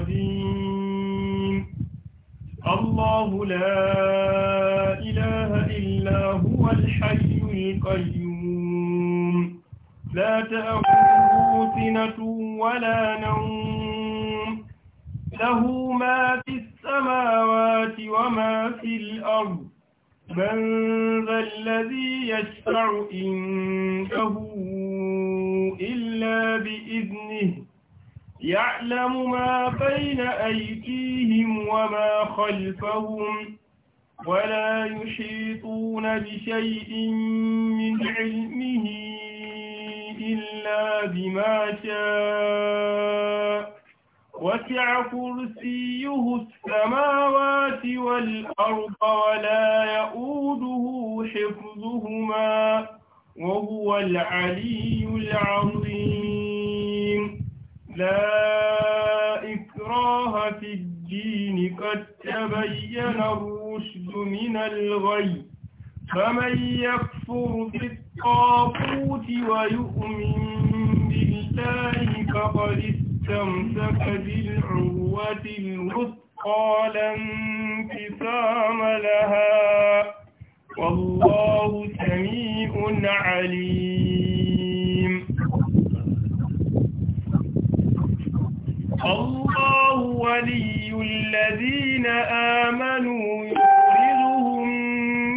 عظيم الله لا إله إلا هو الحي القيوم لا تأخذه سنة ولا نوم له ما في السماوات وما في الأرض من ذا الذي يشفع إنه إلا بإذنه يعلم ما بين أيديهم وما خلفهم ولا يحيطون بشيء من علمه إلا بما شاء وسع كرسيه السماوات والأرض ولا يؤوده حفظهما وهو العلي العظيم لا إكراه في الدين قد تبين الرشد من الغي فمن يكفر بالطاغوت ويؤمن بالله فقد استمسك بالعروة الوثقى لا انقسام لها والله سميع عليم آمنوا يخرجهم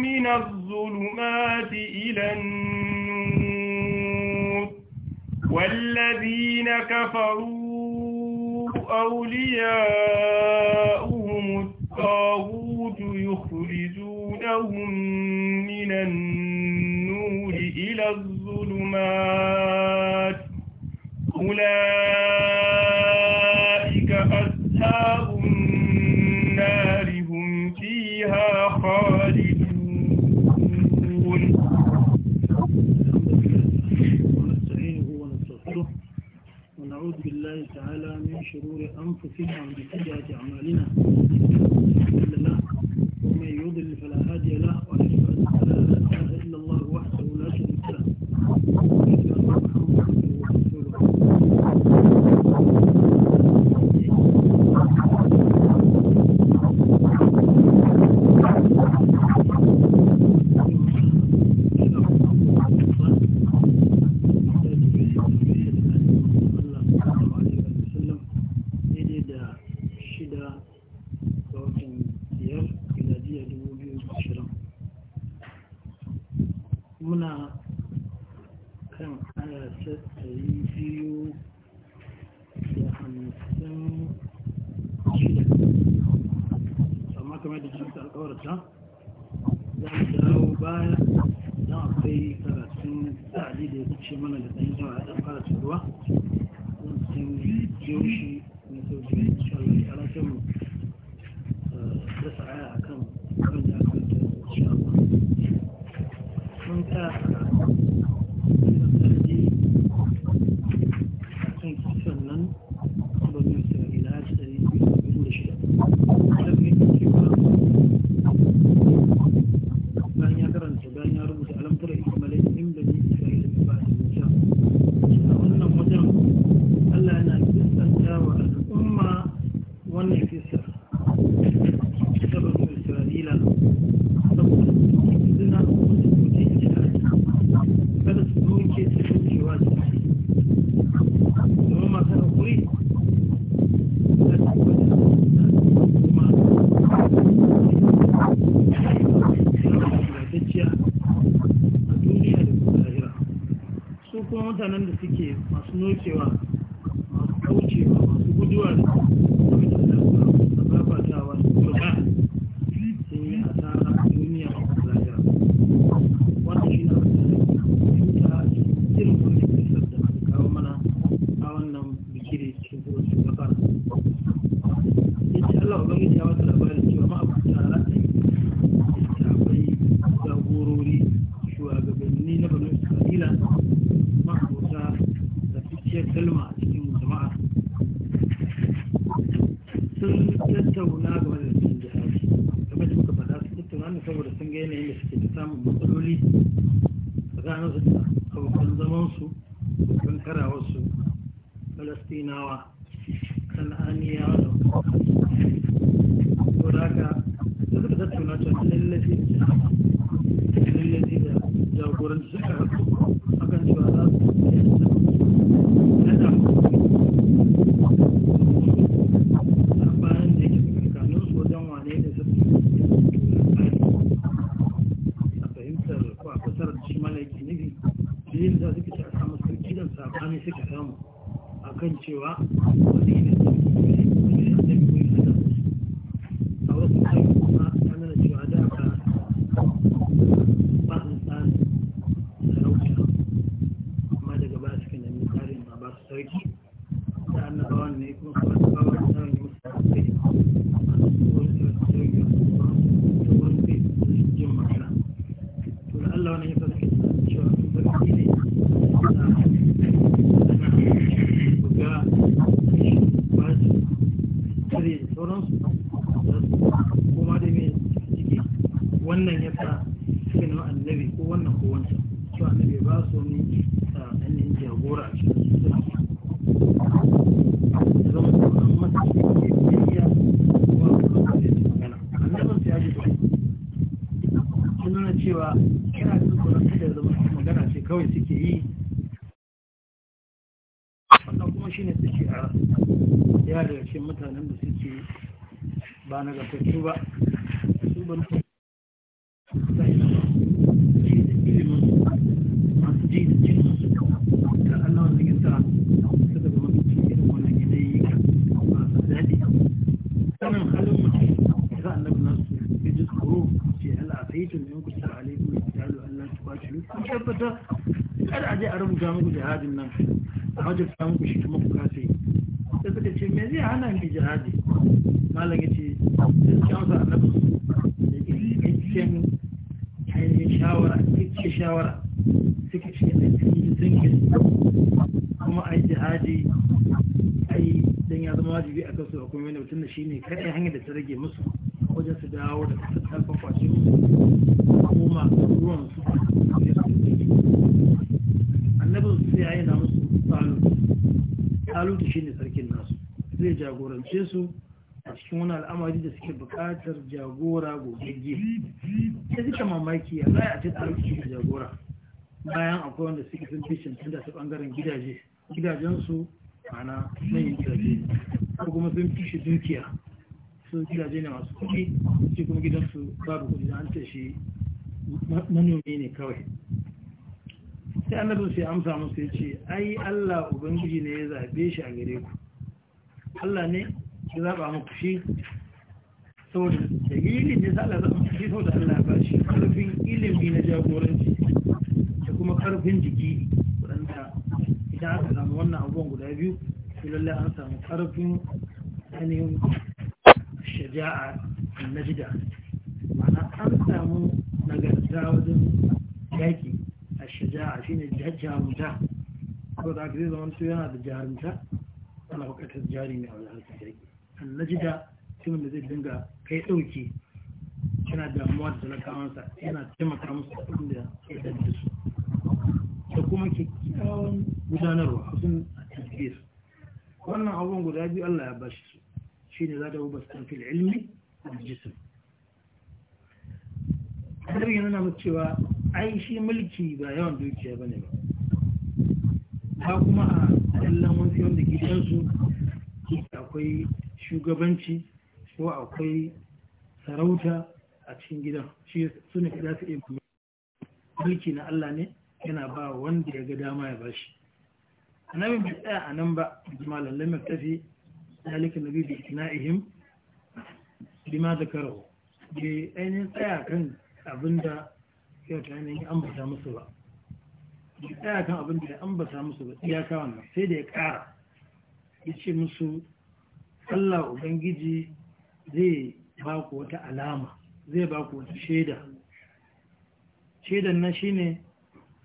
من الظلمات إلى النور والذين كفروا أولياءهم falastinawa sana'aniya da ko da haka da suka tattauna cewa da jagoranci suka haɗu jagora ke wa kuma su magana cewa kira su magana ce kawai suke yi wannan kuma shine suke a ya daga cikin mutanen da suke ba na gasassu ba su ba hajjata muku shi kuma kuka sai da suka ce me zai hana ni jihadi malam ya ce shawara annabi da cikakken ainihin shawara cikakken shawara suka ce da cikin zinkin kuma a yi jihadi a yi don ya zama wajibi a kansu a kuma yana mutum da shi ne kaɗai hanyar da ta rage talutu shine sarkin nasu zai jagorance su a cikin wani al'amari da suke bukatar jagora gogegge sai suka mamaki a zai a ce shi jagora bayan akwai wanda suke sun fi shan canza su bangaren gidaje gidajensu mana manyan gidaje ko kuma sun fi shi dukiya su gidaje ne masu kuɗi su kuma gidansu babu kuɗi da an ce shi manomi ne kawai sai annabin sai amsa musu ya ce ai Allah ubangiji ne ya zaɓe shi a gare ku Allah ne ya zaɓa muku shi saboda dalilin ne Allah zaɓa muku shi saboda Allah ba shi ƙarfin ilimi na jagoranci da kuma ƙarfin jiki waɗanda idan aka samu wannan abubuwan guda biyu su lallai an samu karfin ainihin shaja'a na jida ma'ana an samu nagarta wajen yaƙi shaja'a shine jarumta ko da zai zama su yana da jarumta ana bukatar jari a aure harkar yaƙi an najida mutumin da zai dinga kai dauki yana damuwa da talakawansa yana taimaka musu abin da ya dace su da kuma kyakkyawan gudanarwa sun tafiye su wannan abubuwan guda biyu Allah ya bashi su shi ne za ta bu bastan fil ilmi da jisim Annabi yana nuna cewa Aishi mulki ba yawan dukiya ba ne ba kuma a kallon wasu wanda gidansu akwai shugabanci ko akwai sarauta a cikin gidan shi su ne za su iya mulki na Allah ne yana ba wanda ya ga dama ya bashi annabi bai tsaya a nan ba malam lamar tafi dalika nabi bi itina'ihim bima zakarahu bai ainihin tsaya kan abinda sai ta yanayin ambata musu ba ya tsaya kan abin da ya ambata musu ba iyaka wannan sai da ya ƙara ya ce musu Allah Ubangiji zai ba wata alama zai baku ku wata shaida shaidan nan shine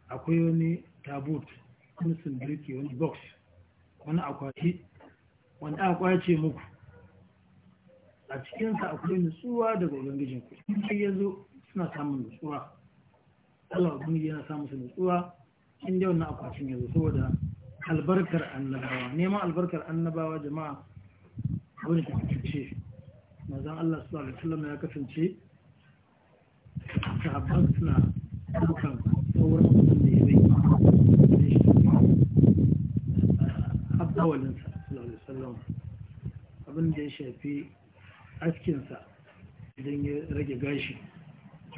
akwai wani tabut wani sundirki wani box wani akwati wani akwai kwace muku a cikinsa akwai nutsuwa daga ubangijinku sai ya zo suna samun nutsuwa Allah ubangiji yana sa musu nutsuwa in dai wannan akwatin yanzu saboda albarkar annabawa nema albarkar annabawa jama'a wani ta kace manzon Allah sallallahu alaihi wasallam ya kasance ta suna dukan sauran mutum da ya bai awalinsa sallallahu alaihi wasallam abin da ya shafi askinsa idan ya rage gashi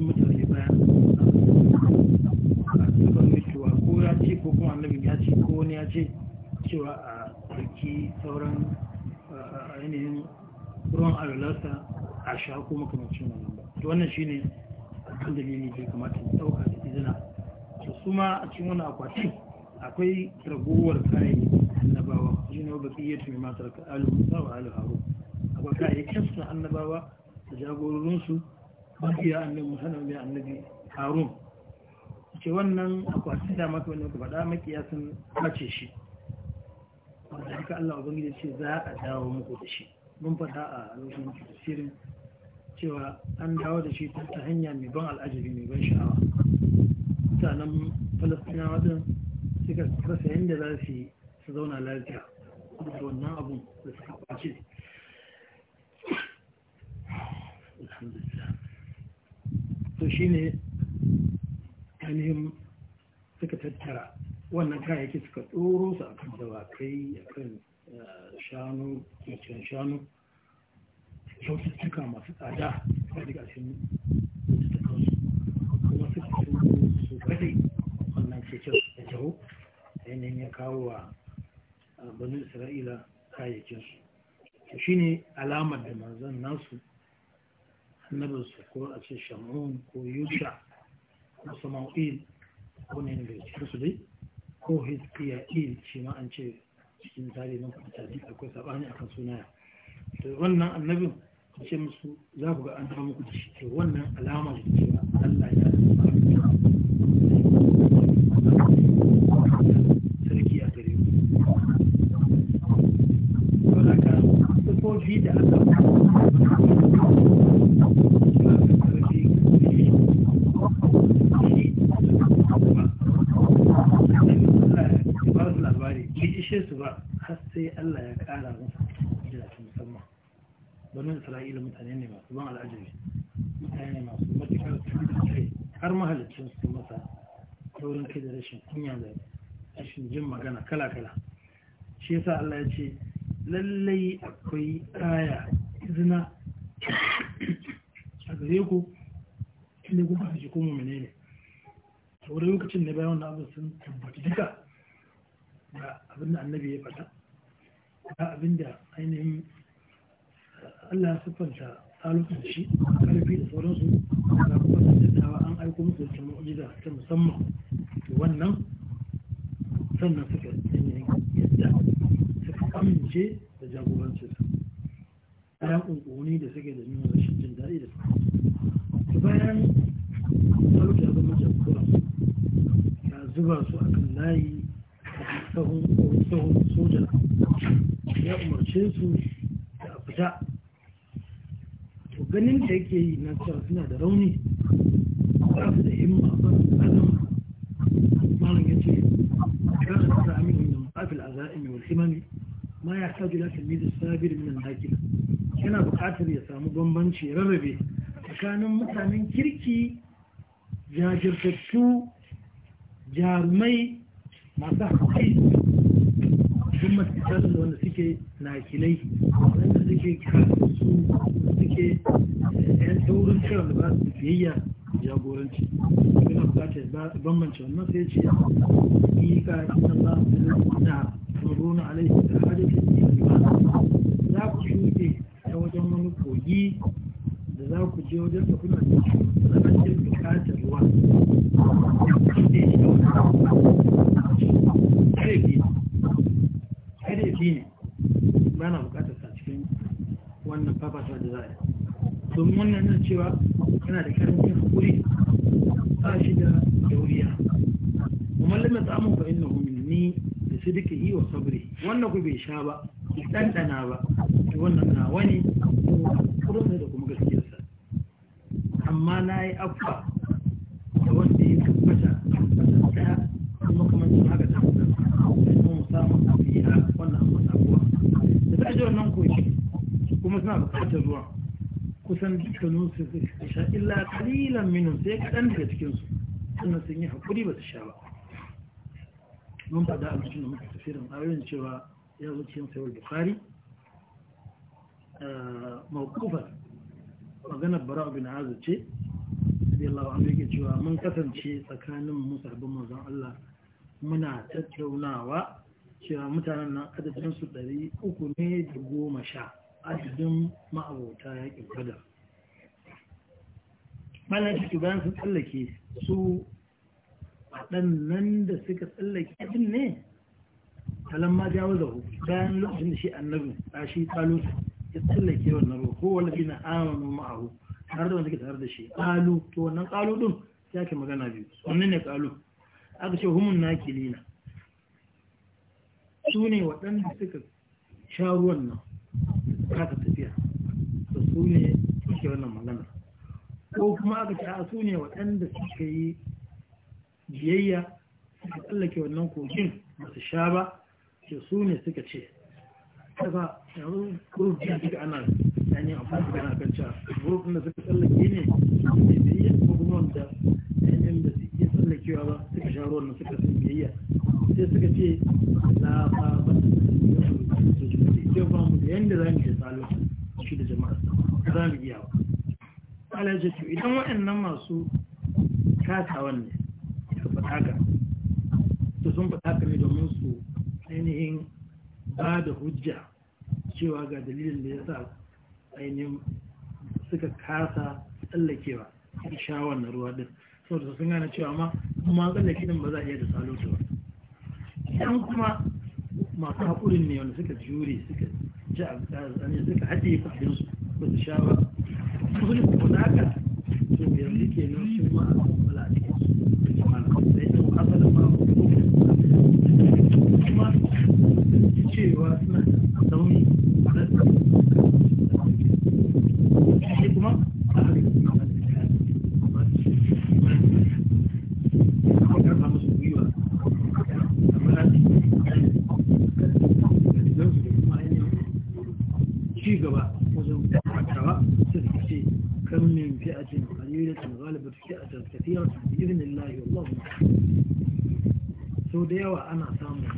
cikin mutane baya a cewa ko ya ce ko kuma annabin ya ce ko wani ya ce cewa a ɗauki sauran yanayin ruwan alalarsa a sha ko makamacin wannan ba to wannan shine kan dalili da kamata ya ɗauka da izina to su ma a cikin wani akwati akwai ragowar kayayyaki annabawa shi ne bakiyyatu mai matar ka alu musa wa alu haru akwai kayayyakin su annabawa da jagororinsu bahiya annabi musamman mai annabi harun ce wannan akwatin da maka wani faɗa makiya sun mace shi wanda duka Allah Ubangiji ce za a dawo muku da shi mun fata a lokacin tafsirin cewa an dawo da shi ta hanya mai ban al'ajabi mai ban sha'awa mutanen falastinawa din suka rasa yadda za su yi su zauna lafiya da wannan abun da suka kwace to shi ne ainihin suka tattara wannan kayayyaki suka tsoro su a kan dawakai a kan eh, shanu kyakkyan shanu kyaututtuka masu tsada a daga cikin kyaututtukansu kuma suka su su kaɗe wannan kyakkyan da jaho ainihin ya kawo wa eh, banu isra'ila kayayyakinsu shi ne alamar da manzan nasu annabinsu ko a ce shamun ko yusha ko sama'il ko ne da cikin su dai ko hiskiya'il shi ma an ce cikin tare nan kuma tare akwai sabani akan sunaya to wannan annabin ce musu za ku ga an samu ku ci wannan alamar cewa Allah ya banu isra'ila mutane ne masu ban al'ajabi mutane ne masu matuƙar kai har mahalicin su masa taurin kai da rashin kunya da rashin jin magana kala-kala shi yasa Allah ya ce lallai akwai aya izina a gare ku inda kuma a jikin mu menene a wurin lokacin da bayan wannan sun tabbata duka da abinda annabi ya abin da abinda ainihin Allah ya siffanta da shi karfi da sauransu ga kuma dattawa an aiko musu wata mu'jiza ta musamman wannan sannan suka yi yadda suka amince da a ya kunkuni da suke da nuna rashin jin daɗi da su bayan talutun ya zama jagora ya zuba su a kan layi a sahun sojan ya umarce su ganin da yake yi na cewa suna da rauni ba su da himma ba su da azama malam ya ce kana da sa'amin min mafil azaimi wal himami ma ya kaji la tilmizi sabir min al yana buƙatar ya samu bambanci ya rarrabe tsakanin mutanen kirki jajirtattu jarumai masu haƙƙi duk da wanda suke na kilai wanda suke karatu suke eh, yan taurin kiran da ba su biyayya jagoranci yana bukatar bambance wannan sai ce ika inna ba na maruna alaihi da hajjata ba za ku shuɗe ta wajen wani kogi da za ku je wajen da kuna shi. wannan nan cewa yana da karancin hakuri ba shi da dauriya kuma lamar tsamu ba inna ni da su duka yi wa sabri wannan ku bai sha ba ku ɗanɗana ba wannan na wani kurinsa da kuma gaskiyarsa amma na yi afuwa da wanda ya tabbata ta kuma kamar haka ta musamman kuma samun abu a wannan abu sabuwa da ta ji wannan koki kuma suna bukatar ruwa kusan dukkanin su suka sha illa kalilan minun sai kaɗan daga cikinsu suna sun yi haƙuri ba su sha ba mun faɗa a cikin muka tafirin ayoyin cewa ya zo cikin sayar bukari eh, mawkufar maganar bara bin azu ce radiyallahu anhu amurka cewa mun kasance tsakanin mu sabbin Allah muna tattaunawa cewa mutanen nan adadin su uku ne da goma sha adadin ma'abota yakin badar malar shi bayan sun tsallake su waɗannan da suka tsallake abin ne talan ma jawo da bayan lokacin da shi annabin, a shi kalu ya tsallake wannan ruwa ko wani na amanu ma'ahu har da wanda ke tare da shi kalu to wannan kalu ɗin ya ke magana biyu wannan ne kalu aka ce humun na kilina su ne waɗanda suka sha ruwan nan haka tafiya da su ne suke wannan magana ko kuma aka ce a su ne waɗanda suka yi biyayya suka tsallake wannan kogin masu sha ba ke su ne suka ce kafa yanzu group din suka ana yanyi amfani da gana kan cewa group da suka tsallake ne ne biyayya ko kuma wanda yanyin da suke tsallakewa ba suka sha ruwan suka sun biyayya sai suka ce lafa ba ya ba mu da yadda za mu yi tsalo shi da jama'a ta za mu biya ba ce to idan waɗannan masu kasawan ne su fataka, ka sun fataka ne domin su ainihin ba da hujja cewa ga dalilin da ya sa ainihin suka kasa tsallakewa sha wannan ruwa din da sun gane cewa ma kuma tsallake din ba za a iya da salo ba idan kuma masu haƙurin ne wanda suka jure suka ci a tsane suka haɗe kudin su ba su sha ba musulun su kuma haka to da ke nan su ma a kwamfala a cikin su da jama'a da ba asala kuma cewa suna da tsauni a kuma ana samun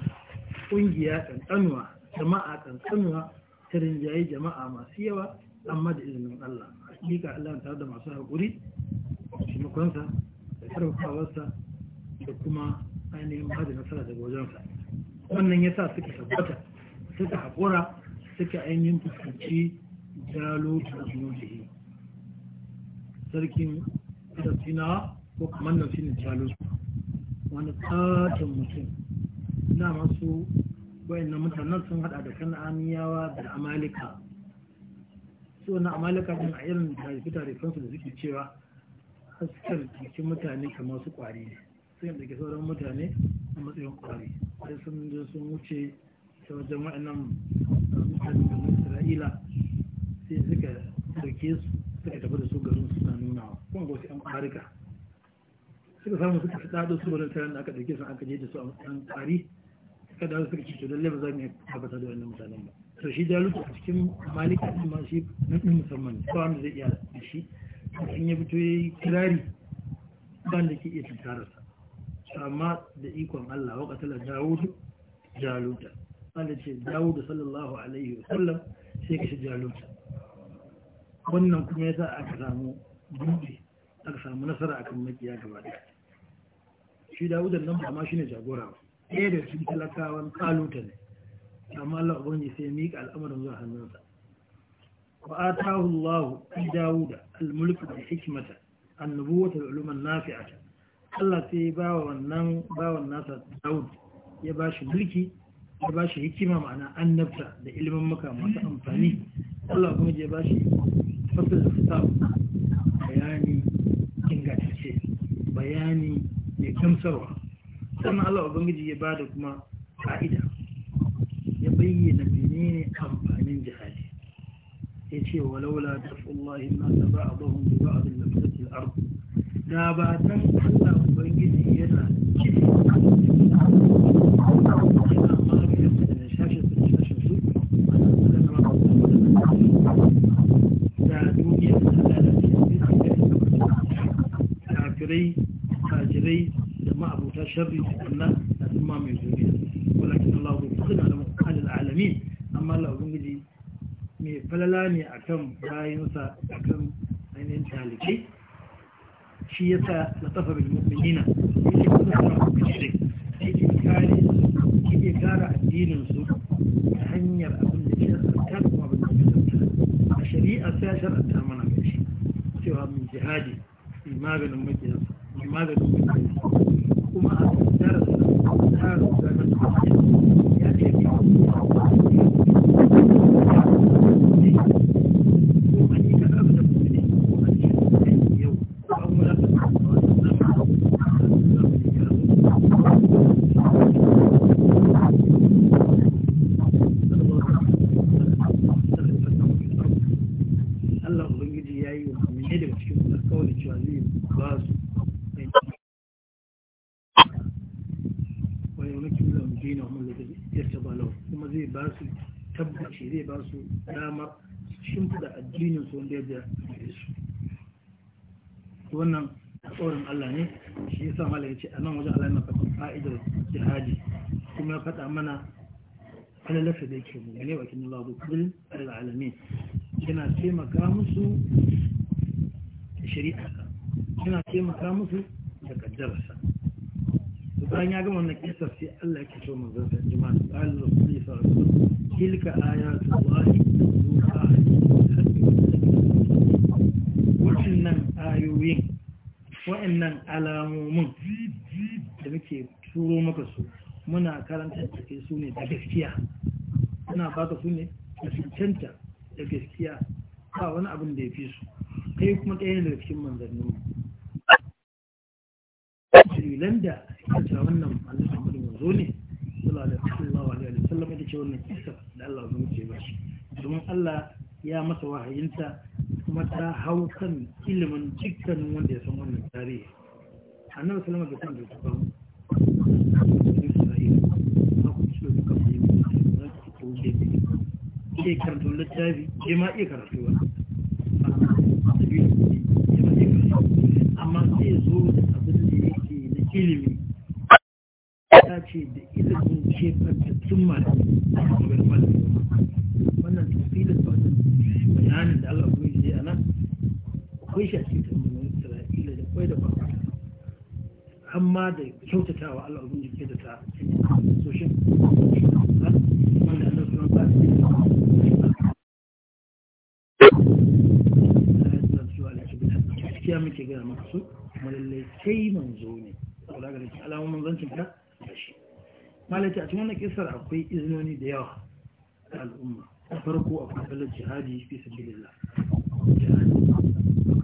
ƙungiya ƙanƙanwa jama'a ƙanƙanwa ta rinjaye jama'a masu yawa amma da izinin Allah hakika Allah ta da masu haƙuri taimakonsa da ƙarfafawarsa da kuma ainihin ba da nasara daga wajensa wannan ya sa suka tabbata suka haƙura suka ainihin fuskanci jalo tarihi sarkin filistinawa ko kamar nan shi ne jalo wani katon mutum dama su wayannan mutanen sun hada da kan'aniyawa da amalika su na amalika din a irin da ya fita da suke cewa hasken jikin mutane kamar su kwari ne su yin dake sauran mutane a matsayin kwari sai sun je sun wuce ta wajen wa'annan mutane da isra'ila sai suka dauke su suka tafi da su garin su na nuna wa kuma ga wasu 'yan kwarika suka samu suka fi tsado su wurin taron da aka dauke su aka je da su a matsayin kwari kada dawo suka ce to lalle ba za mu tabbata da wannan mutanen ba to shi lutu a cikin malika din ma shi na din musamman ba wanda zai iya da shi in ya fito yi kirari ban da ke iya tuntarar sa amma da ikon Allah wa katala Dawud jaluta Allah ce Dawud sallallahu alaihi wa sallam sai shi jaluta wannan kuma yasa aka samu dubi aka samu nasara akan makiya gaba ɗaya shi Dawud nan ba ma shine jagora ba ɗaya da cikin talakawan kaluta ne amma Allah ubangi sai mika al'amarin zuwa hannunsa wa atahu Allah fi Dawuda al-mulk da hikmata annubuwata da uluman nafi'ata Allah sai ba wa wannan wa nasa Dawud ya ba shi mulki ya ba shi hikima ma'ana annabta da ilimin maka masu amfani Allah kuma ya ba shi fasal kitab bayani ingantacce bayani mai gamsarwa sannan Allah ubangiji ya bada kuma fa'ida ya bayyana menene amfanin jihadi ya ce walaula dafullahi ba ta ba'dahum bi abin al-mafsat al-ard da ba dan Allah ubangiji yana cikin sharri sannan da al'umma mai duniya walakin Allah zai fi da alal alamin amma Allah ubangiji mai falala ne akan kayansa akan ainihin talibai shi ya sa latafa bil mu'minina yake kuma kan mu'minai yake yake kare addinin su ta hanyar abin da ya sarta kuma abin da ya sarta a shari'a sai mana gashi maganin makiyarsa kuma a darasa a darasa da ya ce shimfiɗa addinin su wanda yadda gare su wannan tsorin Allah ne shi yasa mala ya ce a nan wajen Allah yana faɗin fa'idar jihadi kuma ya faɗa mana alalasa da yake mu ne wakilin Allah ko kudin alalamin yana taimaka musu da shari'a yana taimaka musu da kaddarsa bayan ya gama wannan kisa sai Allah yake so manzon zanta jama'a Allah sallallahu alaihi wasallam tilka ayatu Allah nan alamomin da muke turo maka su muna karanta da ke su ne da gaskiya suna baka su ne da cancanta da gaskiya ba wani abin da ya fi su kai kuma ɗaya daga cikin manzannin mu dalilan da suka ce wannan annabi da manzo ne sula da wa lawa da ce wannan kisa da Allah ya ce ba shi domin Allah ya masa wahayinta kuma ta hau kan ilimin cikin wanda ya san wannan tarihi annabi salama da kan da kawo isra'ila na kuma shi da kan yi za su ko je ne ke karanta littafi ke ma iya karatu ba amma sai ya zo da abin da ya yake na ilimi ta ce da ilimin kefantattun malamai a cikin malamai wannan tafsirin da wannan bayanin da Allah kuma yi a nan akwai shi a cikin Isra'ila da kwai da kwakwa amma da kyautatawa Allah kuma jike da ta soshin wanda Allah kuma ba su gaskiya muke gaya maka su kuma lallai kai manzo ne ga cikin alamomin zancin ka da shi malaita a cikin wannan kisar akwai iznoni da yawa al'umma farko a kusurin jihadi fi sabilillah jihadi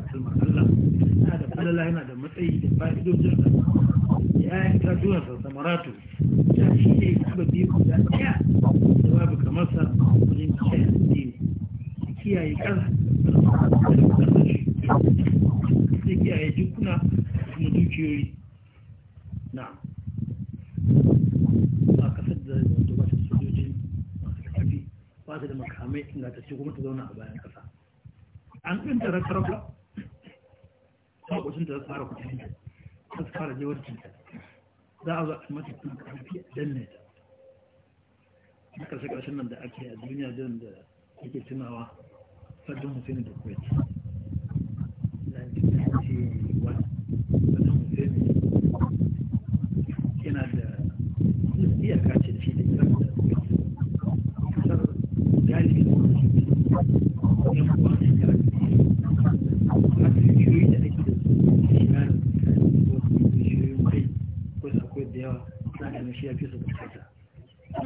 a kalmar Allah yana da falala yana da matsayi da fa'idojin da ya yi kasuwar sa samaratu ya shi ne kuma biyu guda ɗaya da babu kamar sa wajen kiyaye addini kiyaye kan sai kiyaye jikuna da kuma dukiyoyi na a kasar da wato ba ta ba su da makamai ingantacce kuma ta zauna a bayan ƙasa an ƙintara ta lokacin da za su fara kuɗin ta za su fara jewar cinta za a zo a mata kuma ƙarfi a danne ta na ƙarshe ƙarshen nan da ake a duniya don da ake tunawa saddam hussein da kuwait kuma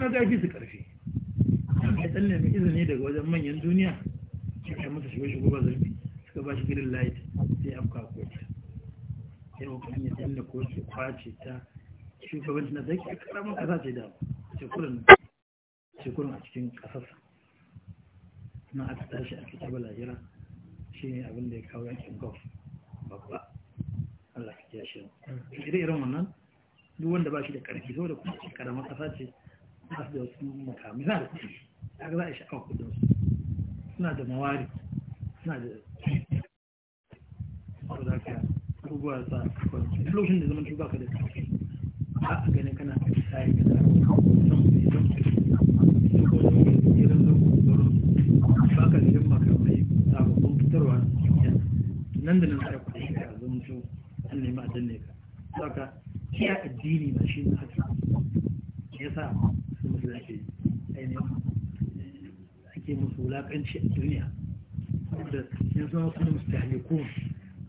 ga fi su karfi ya dan nemi izini daga wajen manyan duniya suka masa shigo shigo ba suka ba shi gidan light sai afka kotu sai hukumin ya danna kotu kwace ta shugabanci na zai karamar kasa ce da shekurin a cikin kasarsa na aka tashi a fita balahira shi ne abin da ya kawo yankin gof babba Allah ka kiyashe mu ire-iren wannan duk wanda ba shi da karfi zo da kuma karamar kasa ce ba su da wasu makami za da ya ga za a sha'awa kudin su suna da mawari suna da kuma da ka abubuwa sa kwanci lokacin da zaman ba ka da karfi ba a ganin kana da sayi ba ka da himma ka mai sababbin fitarwa da cikin nan da nan sai ku shi ka zama to an nemi a danne ka saka kiya addini na shi ne haka sa su musu da ke ainihin eh, ake musu wulakanci a duniya da yanzu zama su ne musu tahle kuma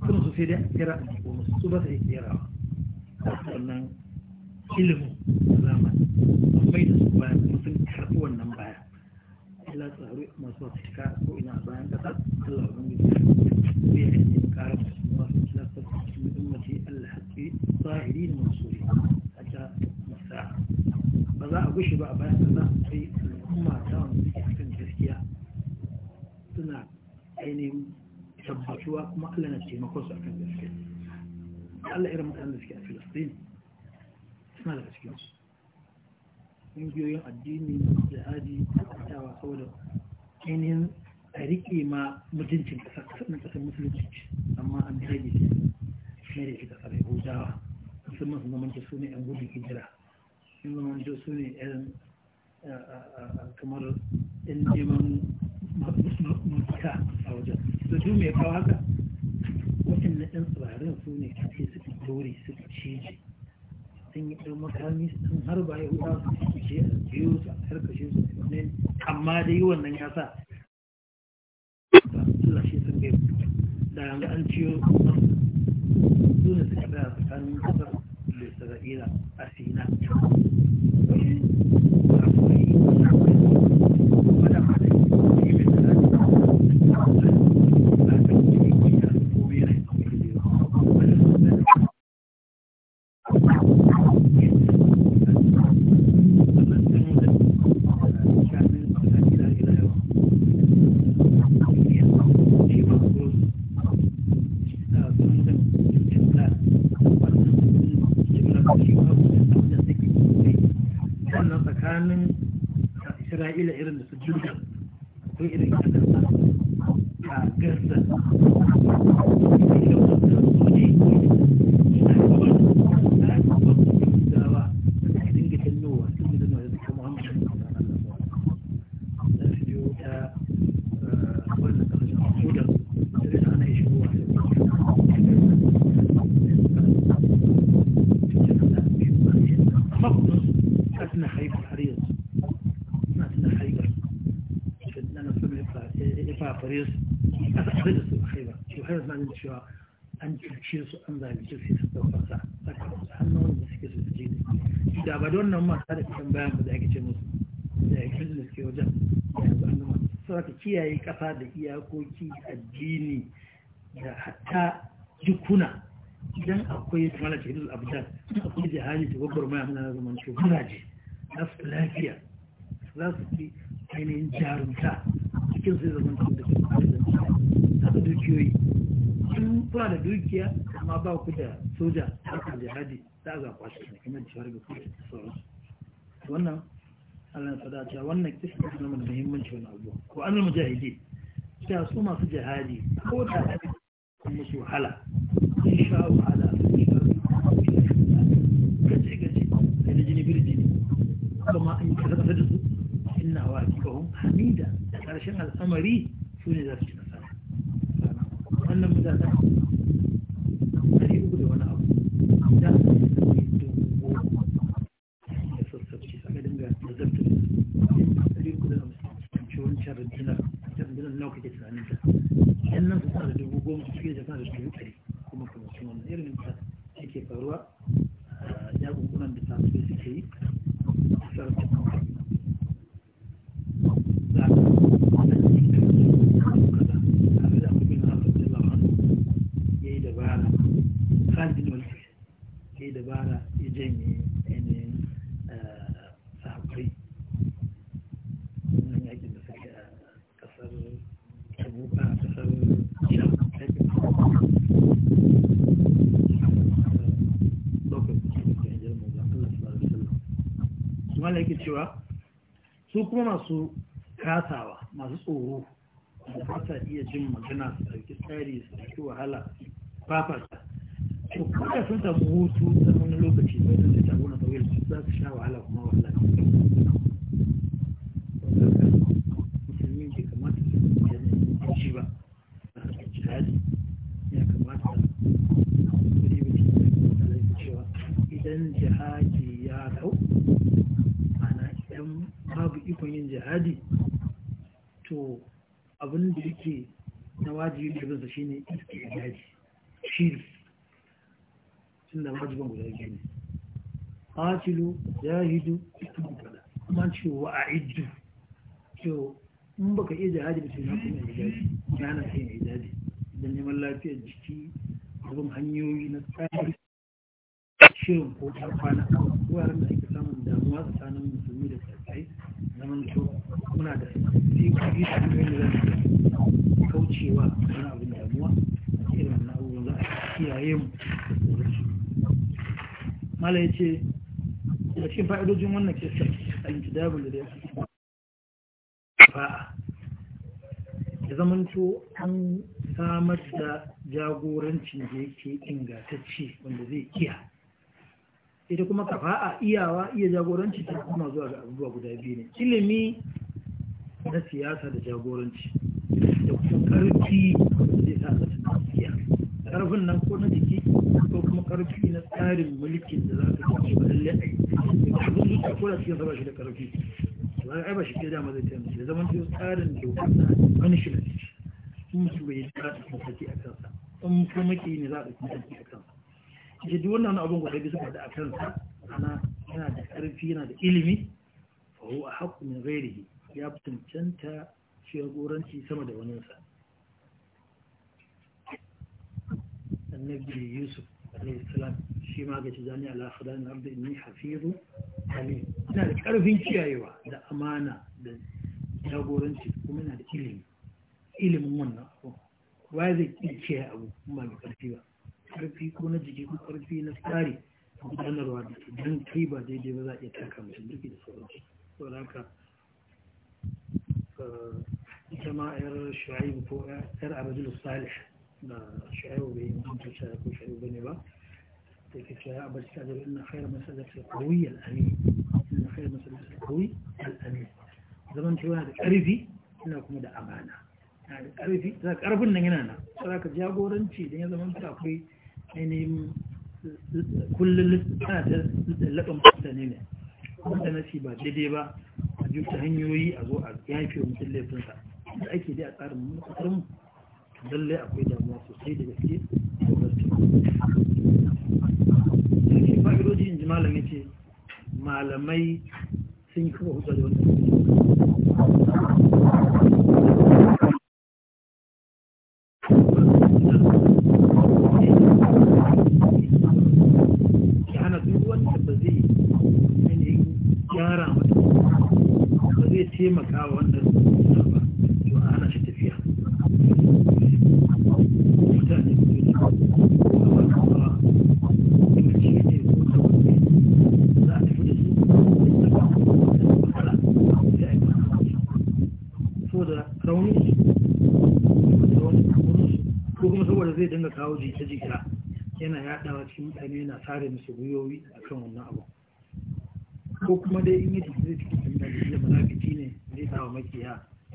su sai dai a kira a jiko musu su ba su yi kerawa wannan ilimin zamani mai bai da su bayan sun karɓi wannan ba illa tsaro masu cika ko ina bayan kasa Allah wani da ya yi kara masu masu tilasta su ummaci Allah haƙi zahiri da masu yi a ta masa ba za a gushe ba a bayan kasa sai al'umma ta wani suke cikin gaskiya suna ainihin tabbatuwa kuma Allah na taimakon su akan gaskiya Allah irin mutanen da suke a Filistin suna daga cikinsu ƙungiyoyin addini todo. amma dai wannan ya sa Allah shi sun gaibu da yanzu an ciyo su ne suka tsaya tsakanin kasar da isra'ila a sina kafare su ba su abin da su ba kai ba to har zanen cewa an cuce su an zalice su su ɗaukar sa sakamakon hannun da suke su je ne da ba don nan masu da kan bayan ba da ake ce musu da ya kiri da suke wajen da yanzu an gama sau ka kiyaye ƙasa da iyakoki addini da hatta jikuna idan akwai kamar da hidul abdan akwai jihari da gwagwar maya muna zaman ce guraje na su lafiya za su fi ainihin jarumta cikin sai zaman su da haka dukiyoyi in kula da dukiya amma ba ku da soja a harkar jihadi za a zaɓa shi na kimar jihar ga kuma da sauransu wannan allah sada ta wannan kisa na mana muhimmanci wani abu ko an mujahidi ta su masu jihadi ko da su wahala sun sha wahala al'amari su ne za su yi nasara wannan mutane ɗari uku da wani abu dubu da aka da yan nan su sa da dubu goma su ke da dubu ɗari kuma masu kasawa masu tsoro da ba sa iya jin magana su ɗauki tsari su ɗauki wahala fafata to kuma sun samu hutu ta wani lokaci sai da ta gona tsawon za su sha wahala kuma wahala sakamakon yin jihadi to abin da yake na wajibi da binsa shi ne jihadi shiri tun da wajiban guda biyu ne qatilu jahidu istidaji kuma ce wa iddu. to in baka iya jihadi ba sai na kuma jihadi na na sai na ijaji don neman lafiyar jiki abin hanyoyi na tsari shirin ko ta kwana ko yaran da ake samun damuwa tsakanin musulmi da zaman to muna da sikari da kuma yadda za su kaucewa wani abin damuwa a irin wannan abubuwan za a kiyaye mu da su mala ya ce da cikin fa'idojin wannan kisar al-intidabul da ya fi Ba'a, ya zamanto an samar da jagorancin da yake ingantacce wanda zai kiyaye. ita kuma ka fa'a iyawa iya jagoranci ta kuma zuwa ga abubuwa guda biyu ne ilimi na siyasa da jagoranci da kuma karfi da ta sa ka siya karfin nan ko na jiki ko kuma karfi na tsarin mulkin da za ka kace ba lalle ai abin duka ko da cikin zaba shi da karfi ba ai ba shi ke dama zai taimaka da zaman cikin tsarin dokar na punishment in su bai yi da saki a kansa in kuma ki ne za a ɗauki shi duk wannan abin guda biyu da a kansa ana yana da ƙarfi yana da ilimi fa a haqqu min ghairihi ya cancanta goranci sama da wani sa annabi yusuf alayhi salam shi ma ga tijani ala na abin inni hafizu Ali. ina da ƙarfin kiyayewa da amana da jagoranci kuma ina da ilimi ilimin wannan abu wa zai kiyaye abu kuma mai ƙarfi ba karfi ko na jiki ko karfi na tsari a gudanarwa da don kai ba daidai ba za a iya taka mutum duk da sauransu saboda haka eh, ita ma yar shu'aibu ko yar abdul salih da shu'aibu bai yi mutunta shaya ko shu'aibu bane ba da ke cewa abin ta da ina khairar masalar ta kawai al'amin ina khairar masalar ta kawai al'amin zaman cewa da ƙarfi ina kuma da amana na da ƙarfi za ƙarfin nan yana na saboda jagoranci da ya zama ta akwai ainihin kullum tana ta laɓin mutane ne wanda nasi ba daidai ba a ji ta hanyoyi a zo a yafe mutum laifinsa da ake dai a tsarin mu to lallai akwai damuwa sosai da gaske da gaske shi fa'idoji in ji malam ce malamai sun yi kuma hutsari wannan taimaka wa wannan suna ba to a hana shi tafiya da da za a tafi da su da da ko kuma saboda zai dinga kawo jita-jita yana yaɗawa cikin mutane yana sare musu gwiwowi akan wannan abu ko kuma dai in yi tafi zai cikin da munafiki ne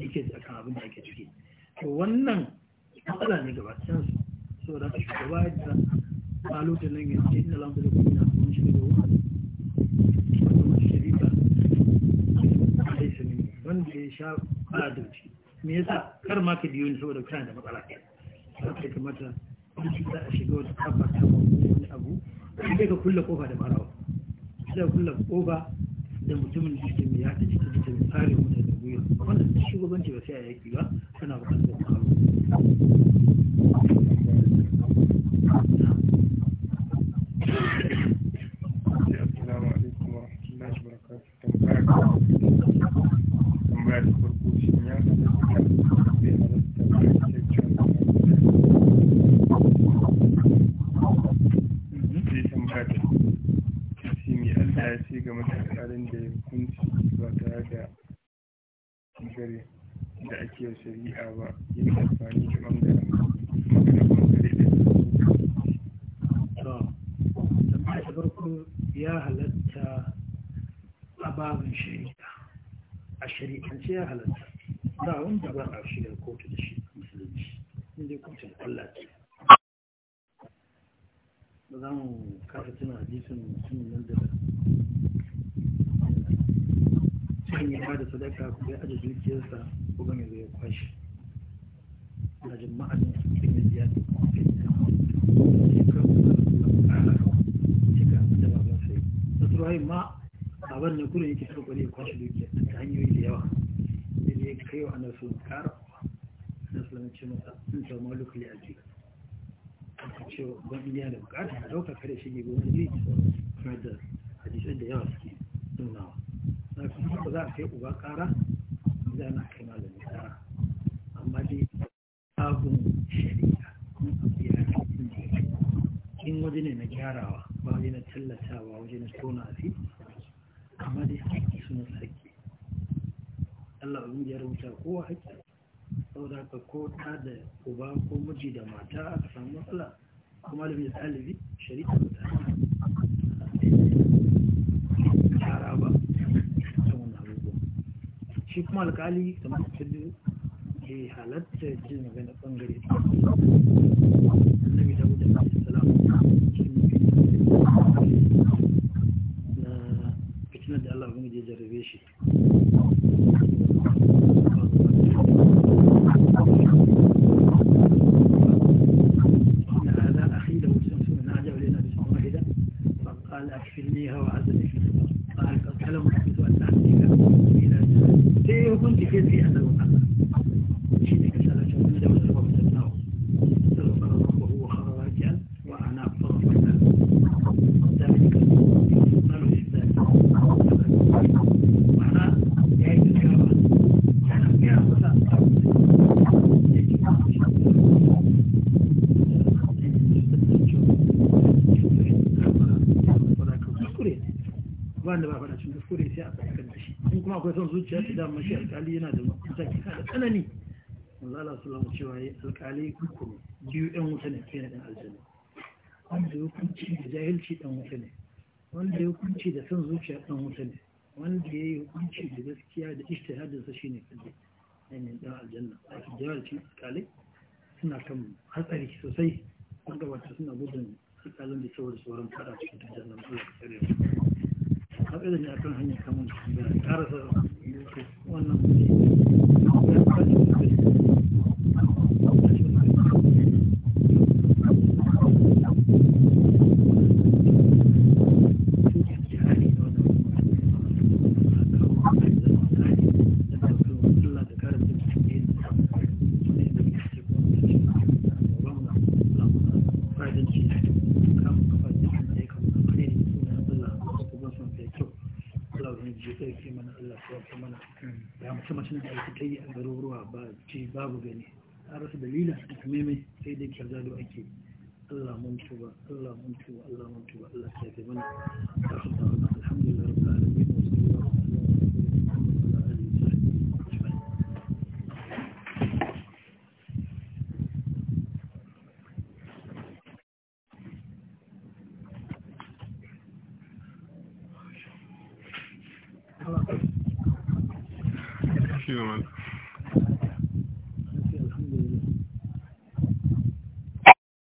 yake abin da ake ciki to wannan matsala ne gaba can su so da su nan yanzu da kuma sun shi da wani a haisani wanda ya sha fara dauci me yasa kar ma ka biyo ni saboda kuna da matsala kai kamata a shiga wata ta abu sai ka kulle kofa da mutumin da ke mai cikin tsarin gwiwa wanda shugabanci ba sai a yaki ba suna bukatar tsaro Thank you. ce ya halatta ba wanda ba a shigar kotu da shi musulunci inda kotun Allah ce ba za mu kasa tuna hadisin mutumin nan da kan yi ba da sadaka ku bai aje dukiyarsa ko ga mai kwashi na jama'a ne cikin da ziyar da kuma da ma baban ne kurin yake kokari ya kwashi dukiyar ta hanyoyi da yawa sai kai wa annabi sun kara na sulamci masa in ta maluk li aji ban indiya da bukata a dauka kare shi ne gwamnati kuma da hadisai da yawa suke nunawa na kuma ba za a kai uba kara za na kai malami kara amma dai abun shari'a kuma abu ya kai in waje ne na gyarawa ba waje na tallatawa waje na tona a fi amma dai suna sarki Allah ubangi ya rubuta kowa haƙƙi da ka ko ta da uba ko miji da mata aka samu matsala kuma da mai talibi shari'a da ta tara ba ta wannan abubuwa shi kuma alkali kamar ta ke halatta jin magana bangare da dawud da salam tsanani manzo Allah su alaihi cewa yayi alƙali hukumi biyu ɗan wuta ne kai ɗan aljanna wanda ya hukunci da jahilci ɗan wuta ne wanda ya hukunci da son zuciya ɗan wuta ne wanda ya yi hukunci da gaskiya da ishtihadin sa ne kaje ainihin ɗan aljanna a ki jahilci alƙali suna kan hatsari sosai wanda wata suna gudun alƙalin da saboda sauran fada cikin tattalin Allah ya tsare a kan hanya